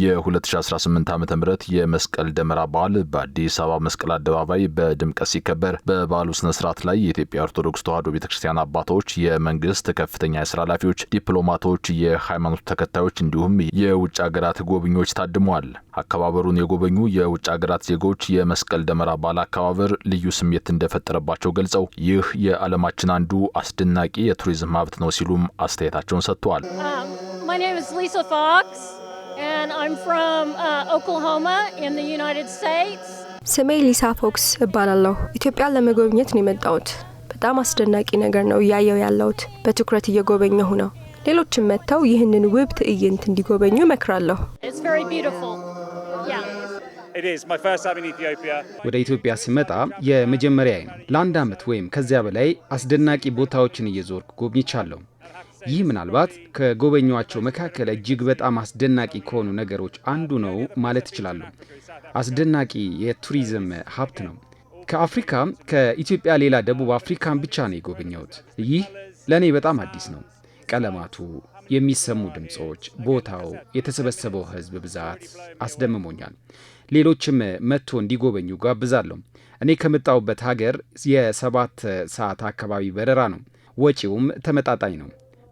የ2018 ዓ ም የመስቀል ደመራ በዓል በአዲስ አበባ መስቀል አደባባይ በድምቀት ሲከበር በበዓሉ ስነ ስርዓት ላይ የኢትዮጵያ ኦርቶዶክስ ተዋሕዶ ቤተ ክርስቲያን አባቶች፣ የመንግስት ከፍተኛ የስራ ኃላፊዎች፣ ዲፕሎማቶች፣ የሃይማኖት ተከታዮች እንዲሁም የውጭ ሀገራት ጎብኚዎች ታድመዋል። አከባበሩን የጎበኙ የውጭ ሀገራት ዜጎች የመስቀል ደመራ በዓል አከባበር ልዩ ስሜት እንደፈጠረባቸው ገልጸው ይህ የዓለማችን አንዱ አስደናቂ የቱሪዝም ሀብት ነው ሲሉም አስተያየታቸውን ሰጥተዋል። um, and I'm from uh, Oklahoma in the United States. ስሜ ሊሳ ፎክስ እባላለሁ። ኢትዮጵያን ለመጎብኘት ነው የመጣሁት። በጣም አስደናቂ ነገር ነው እያየው ያለሁት። በትኩረት እየጎበኘሁ ነው። ሌሎችም መጥተው ይህንን ውብ ትዕይንት እንዲጎበኙ እመክራለሁ። ወደ ኢትዮጵያ ስመጣ የመጀመሪያዬ ነው። ለአንድ ዓመት ወይም ከዚያ በላይ አስደናቂ ቦታዎችን እየዞርኩ ጎብኝቻለሁ። ይህ ምናልባት ከጎበኟቸው መካከል እጅግ በጣም አስደናቂ ከሆኑ ነገሮች አንዱ ነው ማለት እችላለሁ። አስደናቂ የቱሪዝም ሀብት ነው። ከአፍሪካ ከኢትዮጵያ ሌላ ደቡብ አፍሪካን ብቻ ነው የጎበኘሁት። ይህ ለእኔ በጣም አዲስ ነው። ቀለማቱ፣ የሚሰሙ ድምፆች፣ ቦታው፣ የተሰበሰበው ህዝብ ብዛት አስደምሞኛል። ሌሎችም መጥቶ እንዲጎበኙ ጋብዛለሁ። እኔ ከምጣውበት ሀገር የሰባት ሰዓት አካባቢ በረራ ነው። ወጪውም ተመጣጣኝ ነው።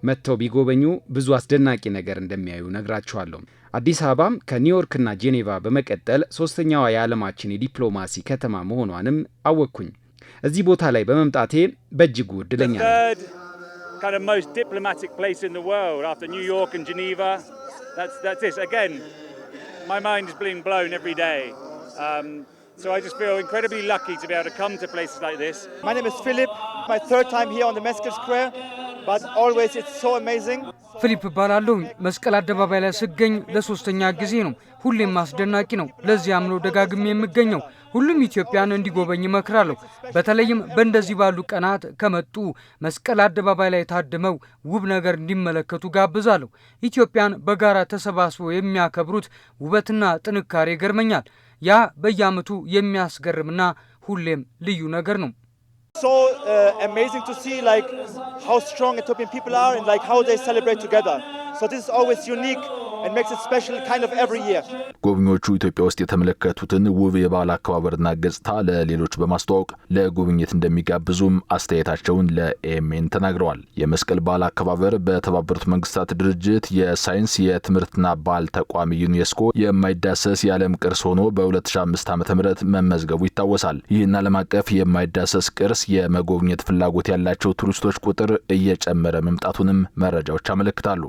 መጥተው ቢጎበኙ ብዙ አስደናቂ ነገር እንደሚያዩ ነግራችኋለሁ። አዲስ አበባም ከኒውዮርክና ጄኔቫ በመቀጠል ሶስተኛዋ የዓለማችን የዲፕሎማሲ ከተማ መሆኗንም አወቅኩኝ። እዚህ ቦታ ላይ በመምጣቴ በእጅጉ እድለኛ ነው። ፊሊፕ እባላለሁ። መስቀል አደባባይ ላይ ስገኝ ለሶስተኛ ጊዜ ነው። ሁሌም አስደናቂ ነው። ለዚያም ነው ደጋግሜ የምገኘው። ሁሉም ኢትዮጵያን እንዲጎበኝ እመክራለሁ። በተለይም በእንደዚህ ባሉ ቀናት ከመጡ መስቀል አደባባይ ላይ ታድመው ውብ ነገር እንዲመለከቱ ጋብዛለሁ። ኢትዮጵያን በጋራ ተሰባስበው የሚያከብሩት ውበትና ጥንካሬ ይገርመኛል። ያ በየዓመቱ የሚያስገርምና ሁሌም ልዩ ነገር ነው። so uh, amazing to see like how strong Ethiopian people are and like how they celebrate together. So this is always unique ጎብኚዎቹ ኢትዮጵያ ውስጥ የተመለከቱትን ውብ የባህል አከባበርና ገጽታ ለሌሎች በማስተዋወቅ ለጉብኝት እንደሚጋብዙም አስተያየታቸውን ለኤኤምኤን ተናግረዋል። የመስቀል በዓል አከባበር በተባበሩት መንግስታት ድርጅት የሳይንስ የትምህርትና ባህል ተቋም ዩኔስኮ የማይዳሰስ የዓለም ቅርስ ሆኖ በ2005 ዓ ም መመዝገቡ ይታወሳል። ይህን ዓለም አቀፍ የማይዳሰስ ቅርስ የመጎብኘት ፍላጎት ያላቸው ቱሪስቶች ቁጥር እየጨመረ መምጣቱንም መረጃዎች አመለክታሉ።